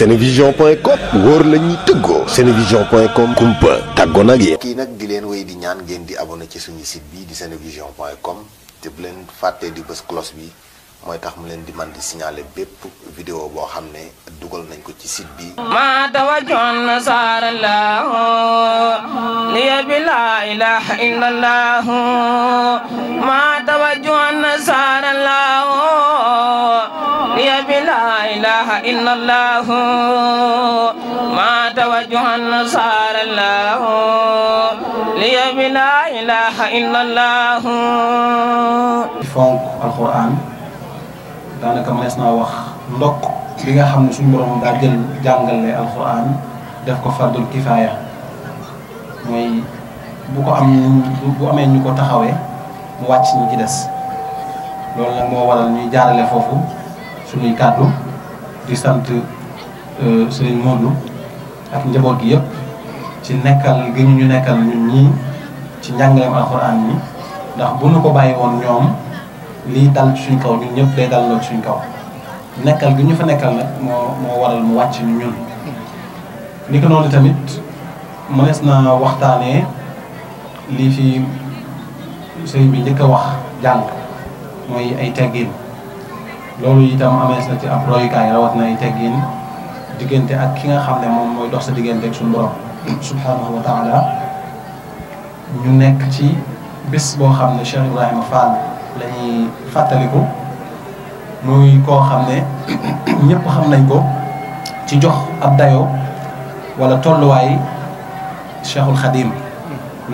senevision.com wóor la ñuy tëggoo senevision.com kumpa tàggoo nag yéen kii nag gi leen wéy di ñaan ngeen di a ci suñu site bi di senevision.com te bu leen fàttee di bës cloche bi mooy tax mu leen di man di signaler bépp vidéo boo xam ne dugal nañ ko ci site bi ma tawajjoon nasaara laahu liya bi laa ilaha illa ma tawajjoon nasaara laahu liya bi bi laa ilaha illa daanaka mënees naa wax ndokk bi nga xam ne suñu boroomu daa jël jàngale alxuraan def ko fardul kifaaya mooy bu ko am bu amee ñu ko taxawee mu wàcc ñi ci des loolu nag moo waral ñuy jaarale foofu suñuy kàddu di sant euh, sëriñ Modou ak njaboot gi yëpp ci nekkal gi ñu nekkal ñun ñii ci njàngaleem alxuraan yi ndax bu nu ko bàyyi woon ñoom lii dal suñ kaw ñun ñëpp day dal loolu suñ kaw nekkal gi ñu fa nekkal nag moo moo waral mu wàcc ñu ñun ni ko noonu tamit mënees na waxtaanee lii fi sëriñ bi li a wax jàng mooy ay teggin loolu itam amees na ci ab royukaay rawat na ay teggin diggante ak ki nga xam ne moom mooy dox sa diggante suñ suñu borom subhanahu wa ñu nekk ci bés boo xam ne Cheikh Ibrahima Fall la fàttaliku muy koo xam ne ñëpp xam nañ ko ci jox ab dayo wala tolluwaay Cheikhul Khadim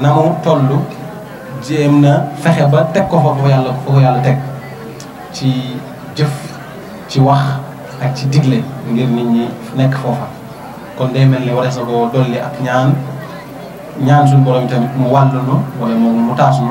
na mu toll jéem na fexe ba teg ko foofu yàlla foofu yàlla teg ci jëf ci wax ak ci digle ngir nit ñi nekk foofa kon day mel ni war sa ko dolli ak ñaan ñaan suñu borom tamit mu wàllu nu wala mu taas nu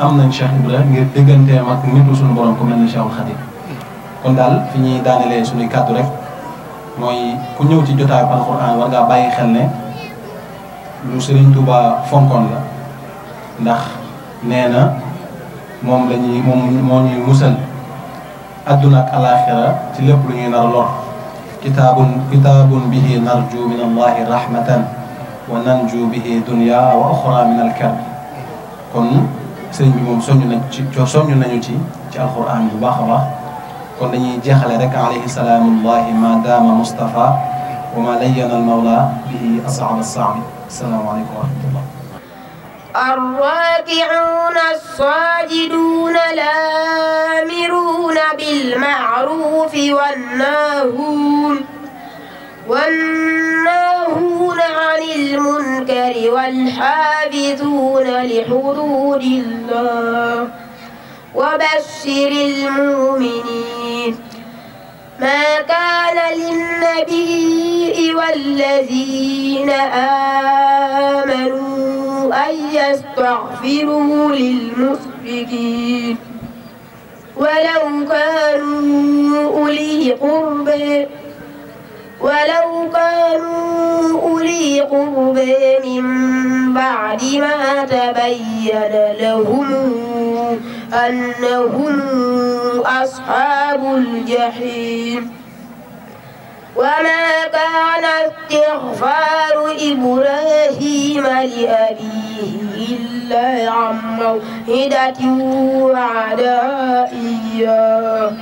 am nañ Cheikh Ibra ngir dégganteem ak nitu suñu borom ko mel ni Cheikhul Khadim kon daal fi ñuy daanelee suñuy kàddu rek mooy ku ñëw ci jotaayu alxuraan war ngaa bàyyi ne na moom lañuy adduna ak alaaxira ci lépp lu ñuy nar lor kitaabun kitaabun bihi narju min allahi rahmatan wa nanju bihi dunya wa oxra min alkarb kon sëriñ bi moom soññ nañ ci soññ nañu ci ci alxuraan bu baax a baax kon dañuy jeexale rek alayhi salaamullahi ma daama mustafa wa ma layyana al mawla bihi asaab asaabi asalaamaaleykum wa rahmatullah الراكعون الصاجدون الآمرون بالمعروف والناهون والناهون عن المنكر والحافظون لحدود الله وبشر المؤمنين ما كان للنبي والذين آمنوا أن يستغفروا للمشركين ولو كانوا أولي قربه ولو كانوا أولي قربى من بعد ما تبين لهم أنهم أصحاب الجحيم وما كان استغفار إبراهيم لأبيه إلا عن موعدة وعدائياه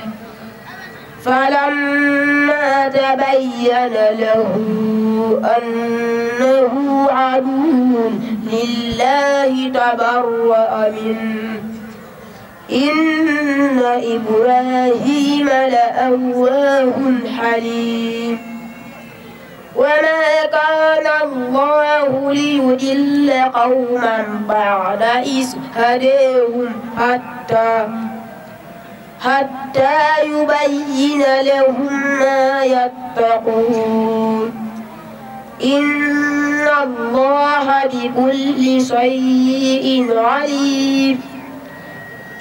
فلما تبين له أنه عدو لله تبرأ منه إن إبراهيم لأواه حليم وما كان الله ليدل قوما بعد إذ هديهم حتى حتى يبين لهم ما يتقون إن الله بكل شيء عليم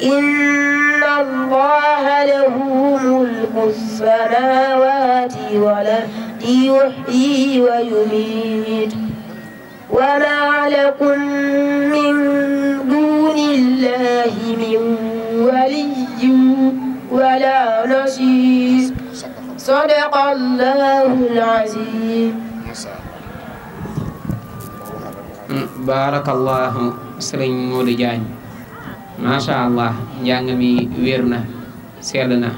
إن الله له ملك السماوات والأرض يحيي ويميت وما لكم من دون الله من ولي ولي ولا رشيد صدق الله العظيم barakallahu sëriñ Modou Diagne masha Allah njàng mi wér na sell na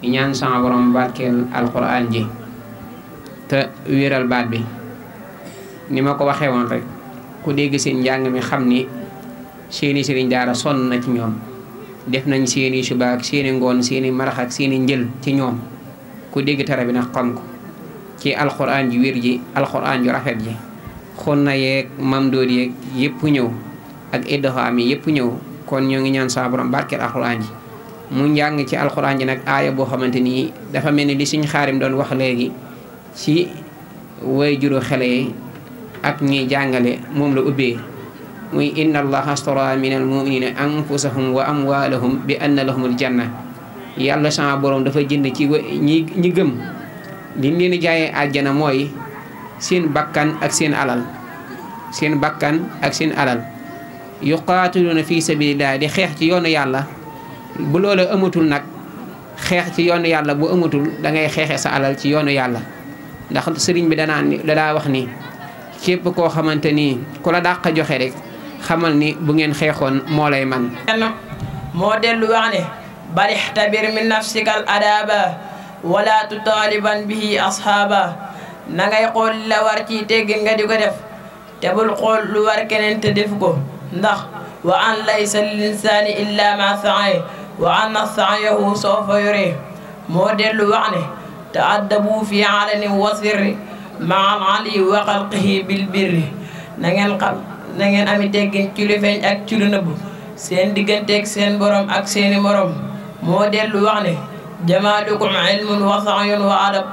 ñaan sama borom barkeel alquran ji te wéeral baat bi ni ma ko waxee woon rek ku dégg seen njàng mi seeni sëriñ daara sonn na ci ñoom def nañ seeni suba ak seeni ngoon seeni marax seeni njël ci ñoom ku dégg tara bi nag xam ko ci alxuraan ju wér ji alxuraan ju rafet ji xon na yeeg mam dood yeeg yëpp ñëw ak iddoxaam yi yëpp ñëw kon ñoo ngi ñaan saa borom barkeel alxuraan ji mu njàng ci alxuraan ji nag aaya boo xamante nii dafa mel ni li suñ xaarim doon wax léegi ci way juru xale yi ak ñiy jàngale moom la ubbee muy inna allaha astara min al muminina anfusahum wa amwalahum bi anna lahumul janna yàlla sama borom dafa jënd ci ñi ñi gëm li ñu jaaye jaayee àjjana mooy seen bakkan ak seen alal seen bakkan ak seen alal yuqaatiluuna fi sabilillah di xeex ci yoonu yàlla bu loole amatul nag xeex ci yoonu yàlla bu amatul da ngay xeexee sa alal ci yoonu yàlla ndax sëriñ bi danaa danaa wax ni képp koo xamante ni ku la dàq joxe rek xamal ni bu ngeen xeexoon moo lay man moo dellu wax ne barixtabir min nafsikal adaaba wala tutaaliban bihi asxaaba na ngay xool war ci teggin nga di ko def te bul xool lu war keneen te def ko ndax wa an laysa lil insaani illa ma saay wa anna saayahu moo dellu wax ne taaddabu fi alani wa sirri maa al ali wa xalqihi bil birri na ngeen xam na ngeen ami teggin ci ak ci lu nëbb seen digganteeg seen borom ak seeni morom moo dellu wax ne jamaalukum ilmun wa saayun wa adab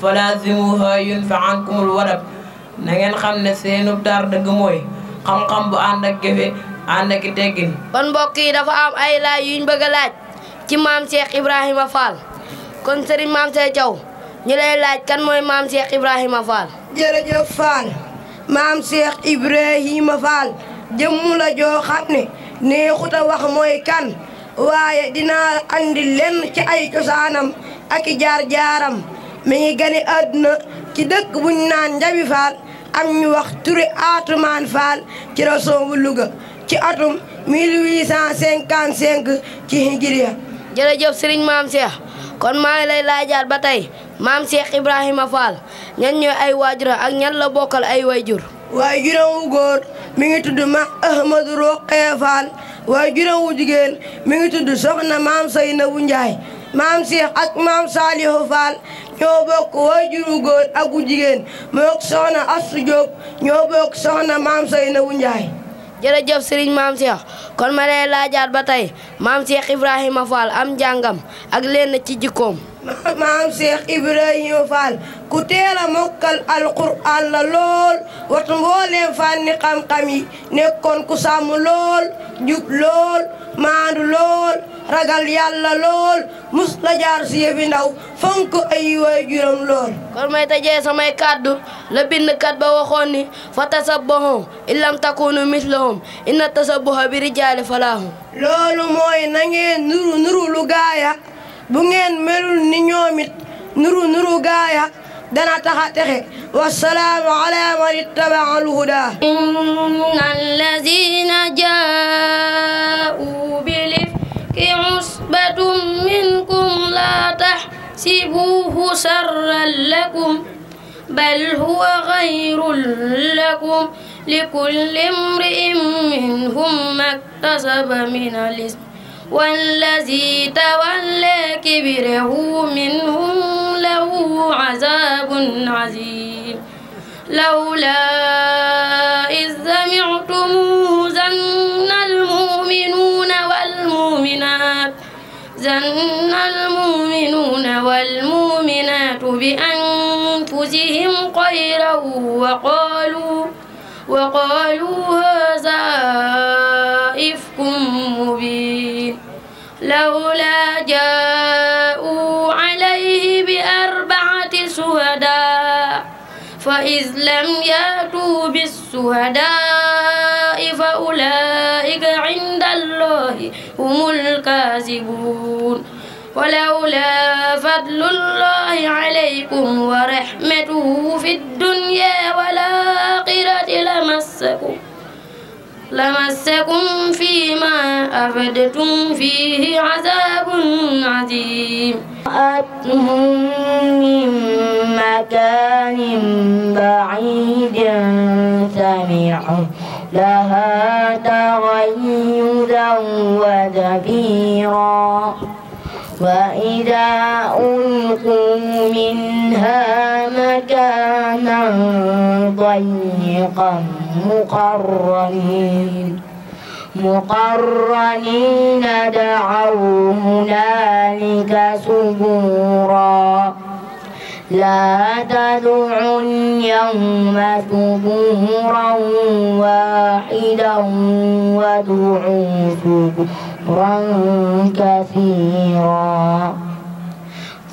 falaazimuha yu ankumul wadab na ngeen xam ne seenu taar dëgg mooy xam bu ànd ak jëfe ànd ak teggin ban mbokk yi dafa am ay laaj yuñ bëgg a laaj ci maam Cheikh Ibrahima Fall kon sëriñ maam Sey Thiaw ñu lay laaj kan mooy maam Cheikh Ibrahima Fall jërëjëf Fall maam Cheikh Ibrahima Fall jëmm la joo xam ne neexut a wax mooy kan waaye dinaa andi lenn ci ay cosaanam ak jaar-jaaram mi ngi gane ci dëkk buñ naan Njabi Fall am ñu wax turi Atumaan Fall ci rason bu Louga ci atum 1855 ci hijriya jërëjëf Serigne Maam Cheikh kon maa ngi lay laajaat ba tey maam Cheikh Ibrahima Fall ñan ñooy ay waajura ak ñan la bokkal ay waajur waajuram wu góor mi ngi tudd ma Ahmadou Roqee Fall waajuram wu jigéen mi ngi tudd soxna maam Saynabu Njaay maam Cheikh ak maam Salihu Fall ñoo bokk waajuru góor ak wu jigéen mook soxna Astu Jóob ñoo bokk soxna maam Saynabu Njaay jërëjëf Serigne maam Cheikh kon ma lay laajaat ba tey maam Cheikh Ibrahima Fall am njàngam ak lenn ci jikkoom. maam Cheikh Ibrahima Fall ku teel a mokkal alquran la lool watu mbooleem fànni xam-xam yi nekkoon ku sàmm lool jub lool. maandu lool ragal yàlla lool mus la jaar si yëfi ndaw fonk ay waajuram lool kon may tëjee samay kàddu la bindkat ba waxoon ni fa tasabbahu in lam takunu mislahum inna tasabbaha bi rijaali falaahu loolu mooy na nuru nuru lu bu ngeen melul ni ñoomit nuru nuru gaaya دنا تخاتخي والسلام على من اتبع الهدى إن الذين جاءوا بالإفك عصبة منكم لا تحسبوه سرا لكم بل هو غير لكم لكل امرئ منهم ما اكتسب من الإثم والذي تولى كبره منهم له عذاب عظيم لولا إذ سمعتموه زن المؤمنون والمؤمنات زن المؤمنون والمؤمنات بأنفسهم خيرا وقالوا وقالوا هذا إفك مبين لولا جاءوا عليه بأربعة شهداء فإذ لم يأتوا بالشهداء فأولئك عند الله هم الكاذبون ولولا فضل الله عليكم ورحمته في الدنيا ولا لمسكم فيما أفدتم فيه عذاب عظيم أتهم من مكان بعيد سمعوا لها تغيدا وزفيرا وإذا ألقوا منها مكانا ضيقا مقرنين مقرنين دعوا هنالك سبورا لا تدعوا اليوم سبورا واحدا وادعوا سبورا كثيرا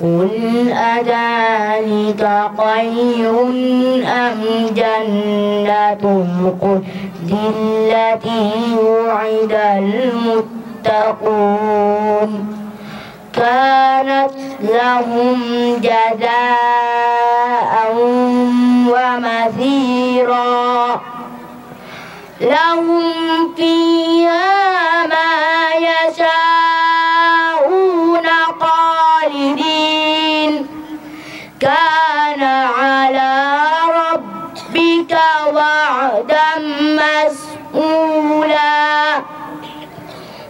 قل أذلك خير أم جنة القدس التي وعد المتقون كانت لهم جزاء ومثيرا لهم فيها ما يشاءون كان على ربك وعدا مسئولا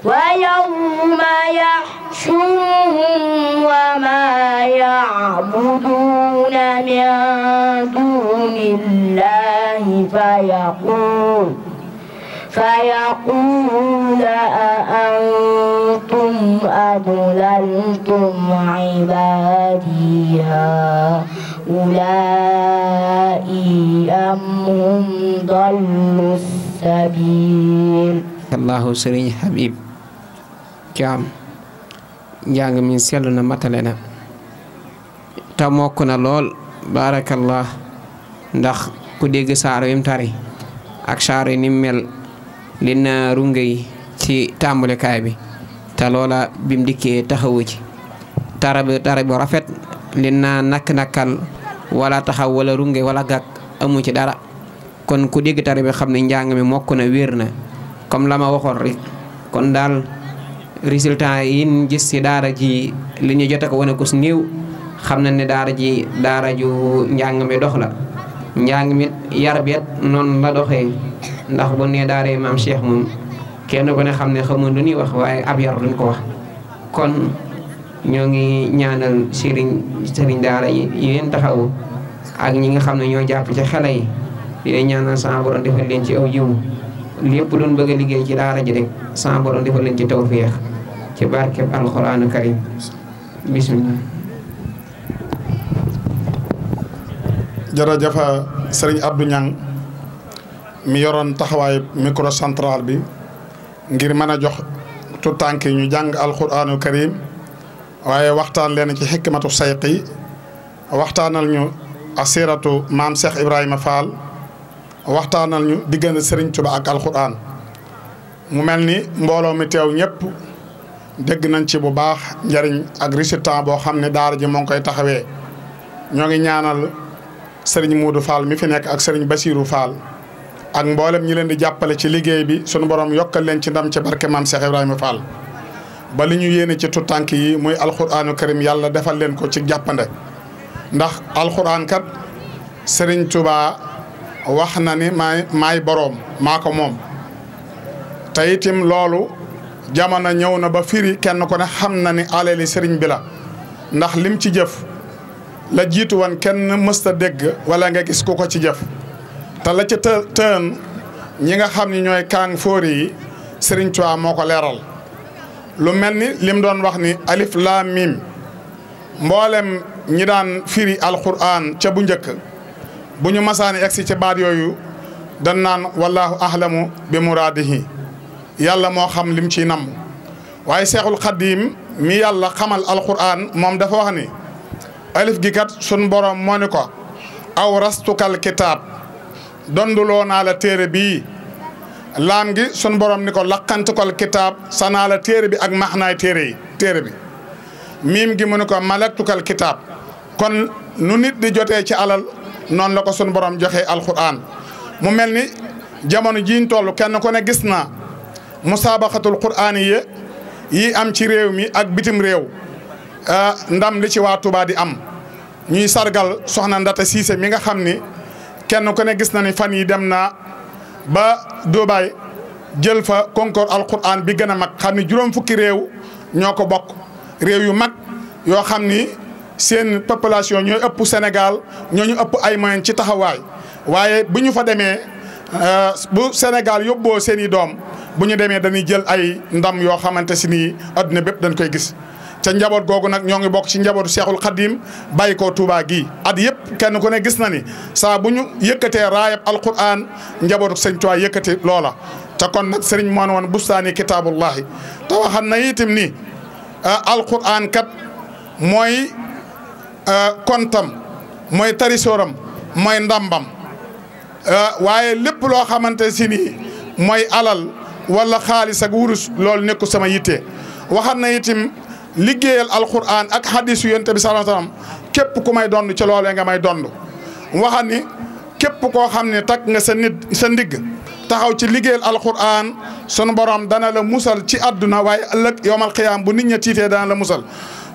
ويوم يحشرهم وما يعبدون من دون الله فيقول فيقول أأنت أضللتم عبادي هؤلاء أم هم ضلوا السبيل الله سرين حبيب jaam njàng mi na matale na te mokk na lool barakallah ndax ku dégg saaro yim tari ak saaro yi ni li naaru ngay ci tàmbalekaay bi te loola bim dikkee taxawu ci tara bi tara bu rafet li naa nakk-nakkal wala taxaw wala runge walla gàkk amu ci dara kon ku dégg tara bi xam ne njàng mi mokk na wéer na comme la ma waxoon rek kon daal résultat yi gis ci daara ji li ñu jot a ko wane ko su xam na ne daara ji daara ju njàng mi dox la njàng mi yar bi it noonu la doxee ndax bu nee daaree maam Cheikh moom kenn ko ne xam ne xamoon du ñuy wax waaye ab yar luñ ko wax kon ñoo ngi ñaanal sëriñ sëriñ daara yi yéen taxawu ak ñi nga xam ne ñoo jàpp ci xale yi di ñaanal sama borom defal leen ci aw jiwu lépp luñ bëgg liggéey ci daara ji rek sama borom defal leen ci tawféex ci barkeb alxuraanu karim bismillah jërëjëf sëriñ Abdou Niang mi yoroon taxawaay microcentral bi ngir mën a jox tu tànk ñu jàng alquraanul karim waaye waxtaan leen ci xikmatu sayqi waxtaanal ñu asiratu maam Cheikh Ibrahima Fall waxtaanal ñu diggante Serigne Touba ak alquraan mu mel ni mbooloo mi teew ñëpp dégg nañ ci bu baax njariñ ak résultat boo xam ne daara ji moo ngi koy taxawee ñoo ngi ñaanal Serigne Modou Fall mi fi nekk ak Serigne Bassirou faal ak mboolem ñi leen di jàppale ci liggéey bi sunu borom yokkal leen ci ndam ci barke maam Cheikh Ibrahima Fall. ba li ñu yéene ci tutànk yi muy alxuraanu karim yàlla defal leen ko ci jàppande ndax alxuraan kat Serigne tubaa wax na ni maay maay boroom maa ko moom te loolu jamono ñëw na ba firi kenn ko ne xam na ni alali Serigne bi la ndax lim ci jëf la jiitu woon kenn mësta dégg wala nga gis ku ko ci jëf. te la ca të tën ñi nga xam ni ñooy kaang fóori yi moo ko leeral lu mel ni lim doon wax ni alif laam mim mboolem ñi daan firi alquran ca bu njëkk bu ñu masaani egsi ca baat yooyu dan naan wallahu ahlamu bi muraadihi yàlla moo xam lim ci namm waaye seexul xaddiim mi yàlla xamal alquran moom dafa wax ni alif gi kat sun borom moo ni ko aw rastukal kitaab donduloo la téere bi laam gi sun borom ni ko laqantukal kitaab sanaa la téere bi ak maxnaay téere yi téere bi miim gi mu ni ko malaktukal kitaab kon nu nit di jotee ci alal noonu la ko sun borom joxe alquran mu mel ni jamono jiñ toll kenn ku ne gis naa musaabaxatul quraan yi yi am ci réew mi ak bitim réew ah, ndam li ci waa Tuubaa am ñuy sargal soxna Ndata Siise mi nga xam ni kenn ku ne gis na ni fan yi dem naa ba Dubaay jël fa concours alquran bi gën a mag xam ni juróom fukki réew ñoo ko bokk réew yu mag yoo xam ni seen population ñooy ëpp Sénégal ñoo ñu ëpp ay moyen ci taxawaay waaye bu ñu fa demee euh, bu Sénégal yóbboo seen i doom bu ñu demee dañuy jël ay ndam yoo xamante si nii adduna bépp dañ koy gis. ca njaboot googu nag ñoo ngi bokk ci njabootu Seexul Xadiim bàyyi ko Touba gii at yëpp kenn ku ne gis na ni saa bu ñu yëkkatee raayab alquran njabootu sëñ Tuubaa yëkkati loola. te kon nag sëriñ moo ne woon bustaani kitaabullahi te waxan na itam ni ah, alquran kat mooy ah, kontam mooy tarisooram mooy ndambam ah, waaye lépp loo xamante si nii mooy alal wala xaalis ak wurus loolu nekku sama yitte waxan na itam liggéeyal alquran ak hadis yu bi sallallahu képp ku may donn ci loolee nga may donn waxa ni képp koo xam ne takk nga sa nit sa ndigg taxaw ci liggéeyal alxuraan sunu borom dana la musal ci àdduna waaye ëllëg yowmal xiyaam bu nit ña tiitee dana la musal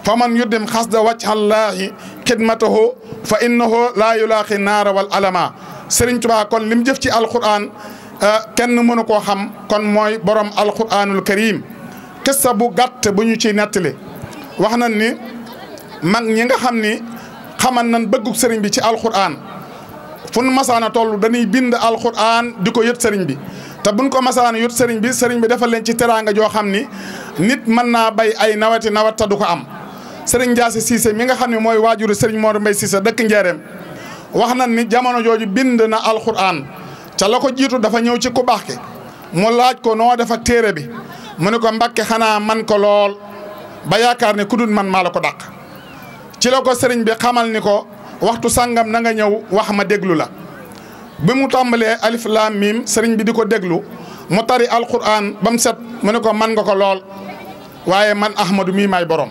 fa man yuddim xasda wajhallaahi xidmatahu fa innahu laa yulaaqi naara wal alama Sëriñ Tuubaa kon lim jëf ci alxuraan kenn mënu koo xam kon mooy borom alxuraanul karim kissa bu gàtt bu ñu ciy nettali wax nañ ni mag ñi nga xam ni xamal nan bëggug sëriñ bi ci alxuraan fun masaana toll dañuy bind alxuraan di ko yët sëriñ bi te buñ ko masaana yët sëriñ bi sëriñ bi defal leen ci teraanga joo xam ni nit mën naa bay ay naweti nawet te du ko am. sëriñ Ndiass Cissé mi nga xam ne mooy waajuru sëriñ Mor Mbaye Cissé dëkk Njaareem wax nan ni jamono jooju bind na alxuraan ca la ko jiitu dafa ñëw ci ku baax ki laaj ko noo def ak téere bi mu ne ko mbakke xanaa man ko lool ba yaakaar ne ku dul man maa la ko dàq. ci sering ko sëriñ bi xamal ni ko waxtu sàngam na nga wax ma la bi mu alif lam mim sering bi di ko déglu mu tari alquran ba set mu man nga ko lool waaye man ahmadu mii maay borom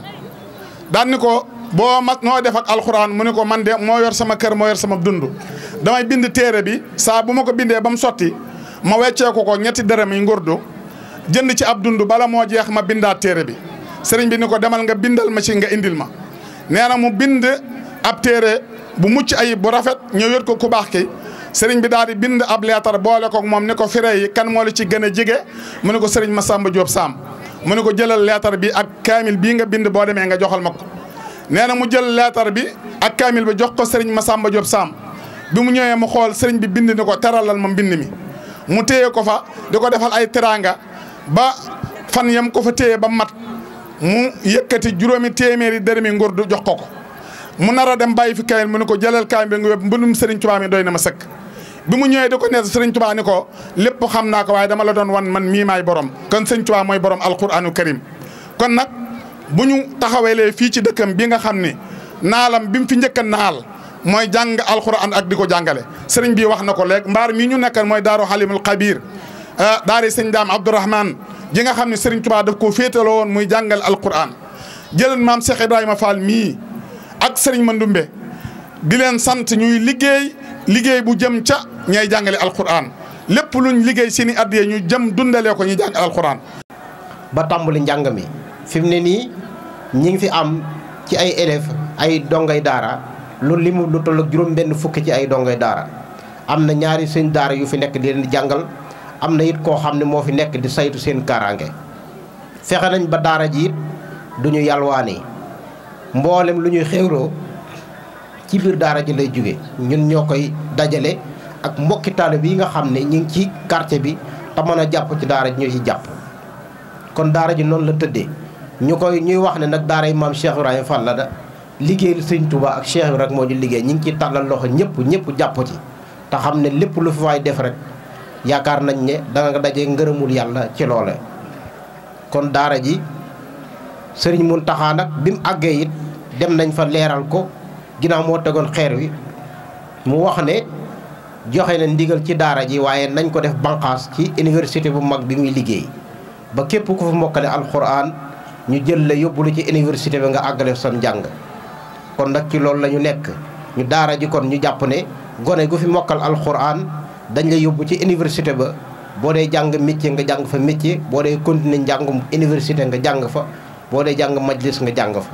daan ni ko boo mag def ak alquran mu ne man de moo yor sama ker moo yor sama dundu damay bind téere bi saa bu ma ko bindee ba mu sotti ma wecceeku ko ñetti dërëm yi jënd ci ab bala moo jeex ma bindaat téere bi sëriñ bi ko demal nga bindal ma ci nga indil ma nee na mu bind ab téere bu mucc ayib bu rafet ñëw yët ko ku baax ki sëriñ bi daal di bind ab leetar boole kook moom ni ko fire yi kan moo la ci gën a jige mu ne ko sëriñ sàmba Diop Sam mu ne ko jëlal leetar bi ak kaamil bii nga bind boo demee nga joxal ma ko nee na mu jël leetar bi ak kaamil bi jox ko sëriñ sàmba Diop Sam bi mu ñëwee mu xool sëriñ bi bind ni ko teralal ma mbind mi mu téye ko fa di ko defal ay teraanga ba fan yam ko fa téye ba mat mu yëkkati juróomi téeméeri dërëmi du jox ko ko mu nar dem bàyyi fi kayen mu ne ko jëlal kaay bi nga wéb seriñ Serigne Touba mi doy na ma sëkk bi mu ñëwee di ko nees Serigne Touba ni ko lépp xam naa ko waaye dama la doon wan man mii maay borom kon Serigne Touba mooy borom alquranu karim kon nag bu ñu taxawelee fii ci dëkkam bi nga xam ni naalam bi mu fi njëkk a naal mooy jàng alquran ak di ko jàngale sëriñ bi wax na ko léegi mbaar mii ñu nekkan mooy daaru Halimul Xabir ah, daari sëñ daam Abdourahman ji nga xam ne Serigne Touba daf koo féetaloo woon muy jàngal alquran jël maam Cheikh Ibrahima Fall mii ak Serigne Mandoumbe di leen sant ñuy liggéey liggéey bu jëm ca ñay jàngale alquran lépp luñ liggéey seeni addiyee ñu jëm dundalee ko ñuy jàng alquran. ba tàmbali njàng mi fi mu ne nii ñi ngi fi am ci ay élèves ay dongay daara lu limu lu toll ak juróom benn fukki ci ay dongay daara am na ñaari sëñ daara yu fi nekk di di jàngal. am na it koo xam ne moo fi nekk di saytu seen kaaraange fexe nañ ba daara ji it du ñu yalwaani mboolem lu ñuy xewloo ci biir daara ji lay jóge ñun ñoo koy dajale ak mbokki bi yi nga xam ne ñu ngi ci quartier bi te mën jàpp ci daara ji ñu ci jàpp kon daara ji noonu la tëddee ñu koy ñuy wax ne nag daara yi maam Cheikh la da liggéeyal sëñ Touba ak Cheikh bi rek moo ñu liggéey ñu ngi ciy tàllal loxo ñëpp ñëpp jàpp ci te xam ne lépp lu fi waay def rek yaakaar nañ ne da nga dajee ngërëmul yàlla ci loole kon daara ji sëriñ Muntaxa nag bi mu àggee yit dem nañ fa leeral ko ginnaaw moo tegoon xeer wi mu wax ne joxe na ndigal ci daara ji waaye nañ ko def banqaas ci université bu mag bi muy liggéey ba képp ko fa mokkale alxuraan ñu jël la yóbbu la ci université bi nga àggale sam njàng kon nag ci loolu lañu nekk ñu daara ji kon ñu jàpp ne gone gu fi mokkal alxuraan dañ la yóbbu ci université ba boo dee jàng métier nga jàng fa métier boo dee continuer njàngum université nga jàng fa boo dee jàng majlis nga jàng fa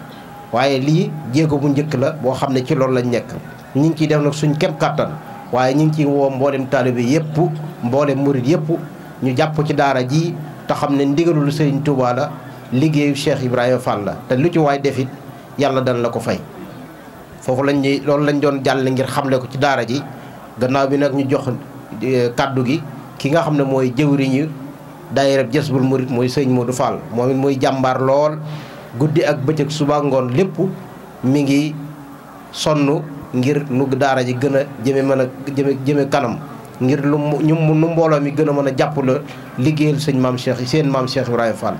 waaye lii jéego bu njëkk la boo xam ne ci loolu lañ nekk ñu ngi ciy def nag suñ kem kàttan waaye ñu ngi ciy woo mboolem taalibe yëpp mboolem murit yëpp ñu jàpp ci daara ji te xam ne ndigalul Serigne Touba liggéeyu Cheikh Ibrahima Fall la te lu ci waay defit yàlla dana la ko fay foofu lañ ñuy loolu lañ doon jàll ngir xamle ko ci daara ji gannaaw bi nag ñu jox Eh, kàddu gi ki nga xam ne mooy jëwriñu daayira Jazbul Murid mooy sëñ Modou Fall moom it muy jàmbaar lool guddi ak bëccëg suba ngoon lépp mi ngi sonn ngir nu daara ji gën a jëme mën a jëme kanam ngir lu ñu mi gën a mën a jàpp la liggéeyal sëñ maam Cheikh seen maam Cheikh Ibrahima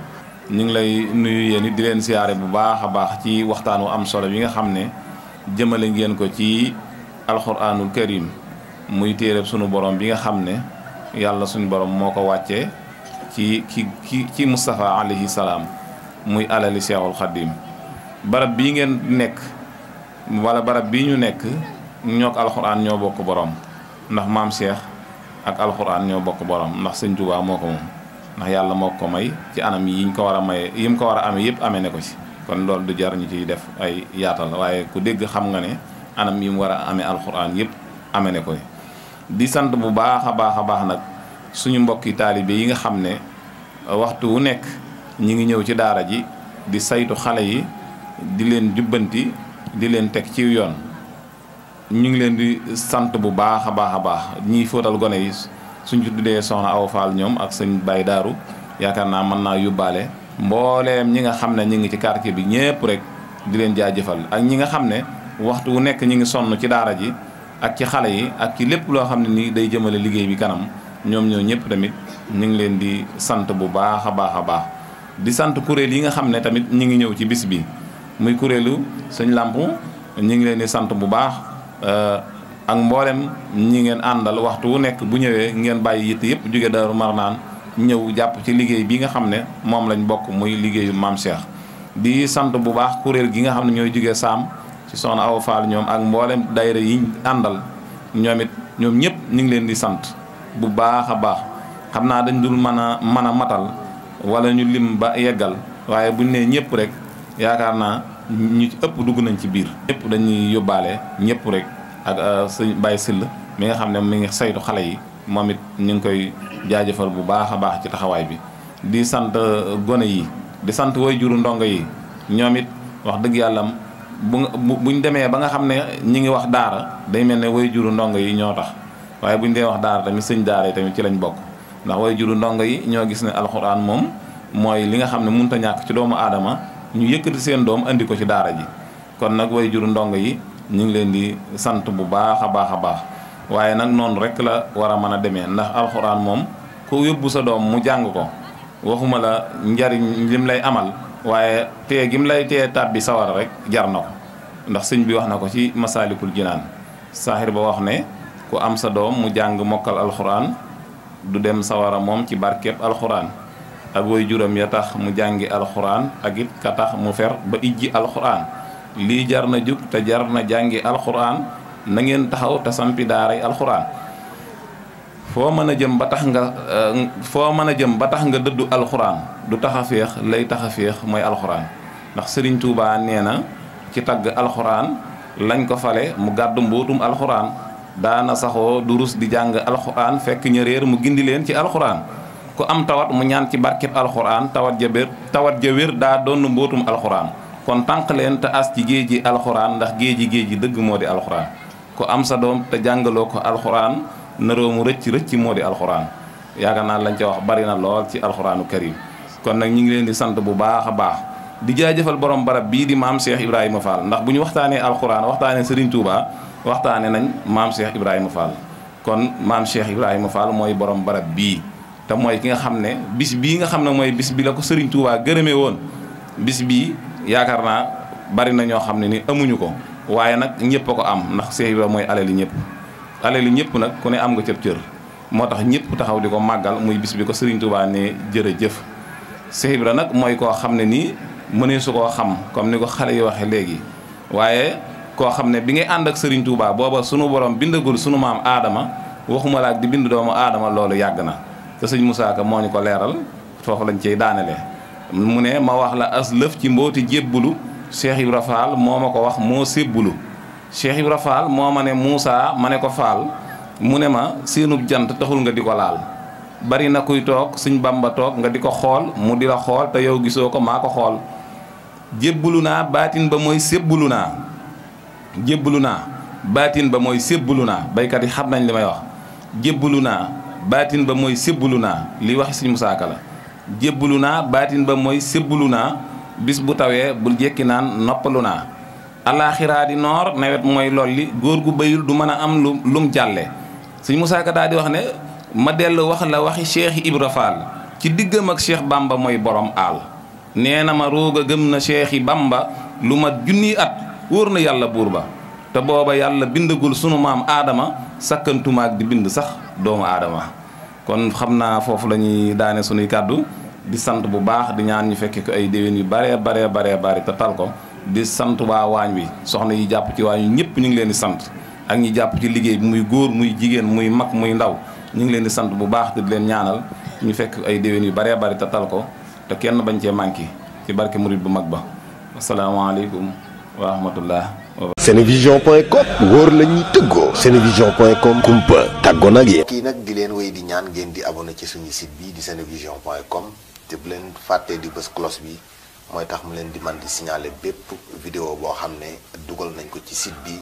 ñu ngi lay nuyu yéen di leen siyaare bu baax a baax ci waxtaan wu am solo bi nga xam ne jëmale ngeen ko ci alxuraanul karim muy téré sunu borom bi nga xamné yalla suñu borom moko wacce ki ci ki ki ci mustafa alayhi salam muy alal Seexul khadim barab bi ngeen nek wala barab bi ñu nek ñok alquran ño bokk borom ndax mam Cheikh ak alquran ño bokk borom ndax sëñ Tuubaa moko mom ndax yalla moko may ci anam yi ñu ko wara may maye yi ko wara a yépp amé ci kon lool du jar ñu ci def ay yaatal waye ku dégg xam nga né anam yi mu war a amee alxuraan ne di sant bu baax a baax a baax nag suñu mbokki taalibe yi nga xam ne uh, waxtu wu nekk ñi ngi ñëw ci daara ji di saytu xale yi di leen jubbanti di leen teg ci yoon ñu ngi leen di sant bu baax a baax a baax ñiy fóotal gone yi suñ ci dee soxna Awa Fall ñoom ak sëñ Baye Daaru yaakaar naa mën naa yóbbaale mbooleem ñi nga xam ne ñi ngi ci quartier bi ñépp rek di leen jaajëfal ak ñi nga xam ne waxtu wu nekk ñi ngi sonn ci daara ji ak ci xalé yi ak ci lepp lo xamni ni day jëmele liggéey bi kanam ñom ñoo ñepp tamit ñi ngi leen di sant bu baaxa baaxa baax di sant kuréel yi nga xamne tamit ñi ngi ñew ci bis bi muy kurelu señ làmp ñi ngi leen di sant bu baax eh, ak mbolem ñi ngeen andal waxtu wu nek bu ñewé ngeen bayyi yitt yépp jóge Daaru marnan ñew japp ci liggéey bi nga xamne mom lañ bokk muy liggéeyu mam Cheikh di sant bu baax kuréel gi nga xamne ñoy sam ci soxna Awa Fall ñoom ak mboolem daayira yi àndal ñoom it ñoom ñëpp ñu ngi leen di sant bu baax a baax xam naa dañ dul mën a mën a matal wala ñu lim ba yeggal waaye buñ nee ñëpp rek yaakaar naa ñu ci ëpp dugg nañ ci biir. ñëpp dañuy yóbbaale ñëpp rek ak euh, sëñ Baye Sylla mi nga xam ne mi ngi saytu xale yi moom it ñu ngi koy jaajëfal bu baax a baax ci taxawaay bi. di sant euh, gone yi di sant woy juru ndongo yi ñoom wax dëgg yàllam bu bu buñ demee ba nga xam ne ñi ngi wax daara day mel ne way juru ndongo yi ñoo tax waaye buñ dee wax daara tamit sëñ daara yi tamit ci lañ bokk ndax way juru ndongo yi ñoo gis ne alxuraan moom mooy li nga xam ne mënut ñàkk ci doomu aadama ñu yëkkati seen doom indi ko ci daara ji kon nag way juru ndongo yi ñu ngi leen di sant bu baax a baax a baax waaye nag noonu rek la war a mën a demee ndax alxuraan moom ku yóbbu sa doom mu jàng ko waxuma la njariñ lim lay amal waaye téye gim lay téye taat bi sawar rek jar na ko ndax sëñ bi wax na ko ci masaalikul jinaan saaxir ba wax ne ku am sa doom mu jàng mokkal alxuraan du dem sawara moom ci barkeb alxuraan ak woy juram ya tax mu jàngi alxuraan ak it ka tax mu fer ba ijji alxuraan lii jar na jug te jar na jàngi alxuraan na ngeen taxaw te sampi alxuraan fo meuna jëm ba tax nga eh, fo meuna jëm ba tax nga dëddu alquran du taxafex lay taxafex moy alquran ndax Serigne Touba neena ci tag alquran lañ ko falé mu gàddu mbootum alxuraan daana saxoo durus di jang alquran fekk ña reer mu gindi len ci alquran ku am tawat mu ñaan ci barke alquran tawat jeber tawat ja da donu mbotum alquran kon tank len ta as ci geejji alquran ndax geejji geejji deug modi alquran moo ku am sa dom te jangalo ko alquran naroo mu rëcc rëcc moo di alxuraan yaakaar naa lañ ca wax bari na lool ci alxuraanu karim kon nag ñu ngi leen di sant bu baax a baax di jaajëfal borom barab bii di maam Cheikh Ibrahima Fall ndax bu ñu waxtaanee alxuraan waxtaanee Serigne Touba waxtaanee nañ maam Cheikh Ibrahima Fall kon maam Cheikh Ibrahima Fall mooy borom barab bii te mooy ki nga xam ne bis bii nga xam ne mooy bis bi la ko Serigne Touba gërëmee woon bis bii yaakaar naa bari na ñoo xam ne ni amuñu ko waaye nag ñëpp ko am ndax Cheikh Ibrahima mooy alali ñëpp. li ñëpp nag ku ne am nga cëb cër moo tax ñëpp taxaw di ko màggal muy bis bi ko Serigne Touba ne jërëjëf Cheikh Ibra nag mooy koo xam ne nii mënee su koo xam comme ni ko xale yi waxee léegi waaye koo xam ne bi ngay ànd ak Serigne Touba booba sunu borom bindagul sunu maam aadama waxuma di bind doomu aadama loolu yàgg na te sëñ Moussa Ka moo ñu ko leeral foofu lañ cey daanele mu ne ma wax la as lëf ci mbooti jébbulu Cheikh Ibra Fall moo ma ko wax moo sébbulu Cheikh Ibra Fall moo ma ne Moussa ma ne ko Fall mu ne ma seenub jant taxul nga di ko laal bari na kuy toog suñ Bamba toog nga di ko xool mu di la xool te yow gisoo ko maa ko xool jébbalu naa baatin ba mooy sébbalu naa jébbalu naa baatin ba mooy sébbalu naa baykat yi xam nañ li may wax jébbalu naa baatin ba mooy sébbalu naa li wax suñ Moussa Ka la jébbalu naa baatin ba mooy sébbalu naa bis bu tawee bul jekki naan noppalu naa alaaxiraa di noor nawet mooy lolli góor gu bayul du mën a am lu lum jàlle suñ Moussa Ka daal di wax ne ma dellu wax la waxi Cheikh Ibra Fall ci diggam ak Cheikh bàmba mooy borom àll nee na ma roog a gëm na Cheikh yi Bamba lu mat junniy at wóor na yàlla buur ba te booba yàlla bindagul sunu maam aadama sakkantumaak di bind sax doomu aadama kon xam naa foofu la ñuy daane sunuy kàddu di sant bu baax di ñaan ñu fekke ko ay déwén yu baree baree baree bari te tal ko di sant waa waañ wi soxna yi jàpp ci waañ wi ñëpp ñu ngi leen di sant ak ñi jàpp ci liggéey bi muy góor muy jigéen muy mag muy ndaw ñu ngi leen di sant bu baax te di leen ñaanal ñu fekk ay déwén yu baree bari te tal ko te kenn bañ cee manqué ci barke murit bu mag ba asalaamaaleykum wa rahmatullah senevision.com wóor la ñuy tëggoo senevision.com kumpa tàggoo nag yéen kii nag di leen wéy di ñaan ngeen di abonné ci suñu site bi di senevision.com te bu leen fàttee di bës cloche bi mooy tax mu leen di man di signaler bépp vidéo boo xam ne dugal nañ ko ci site bi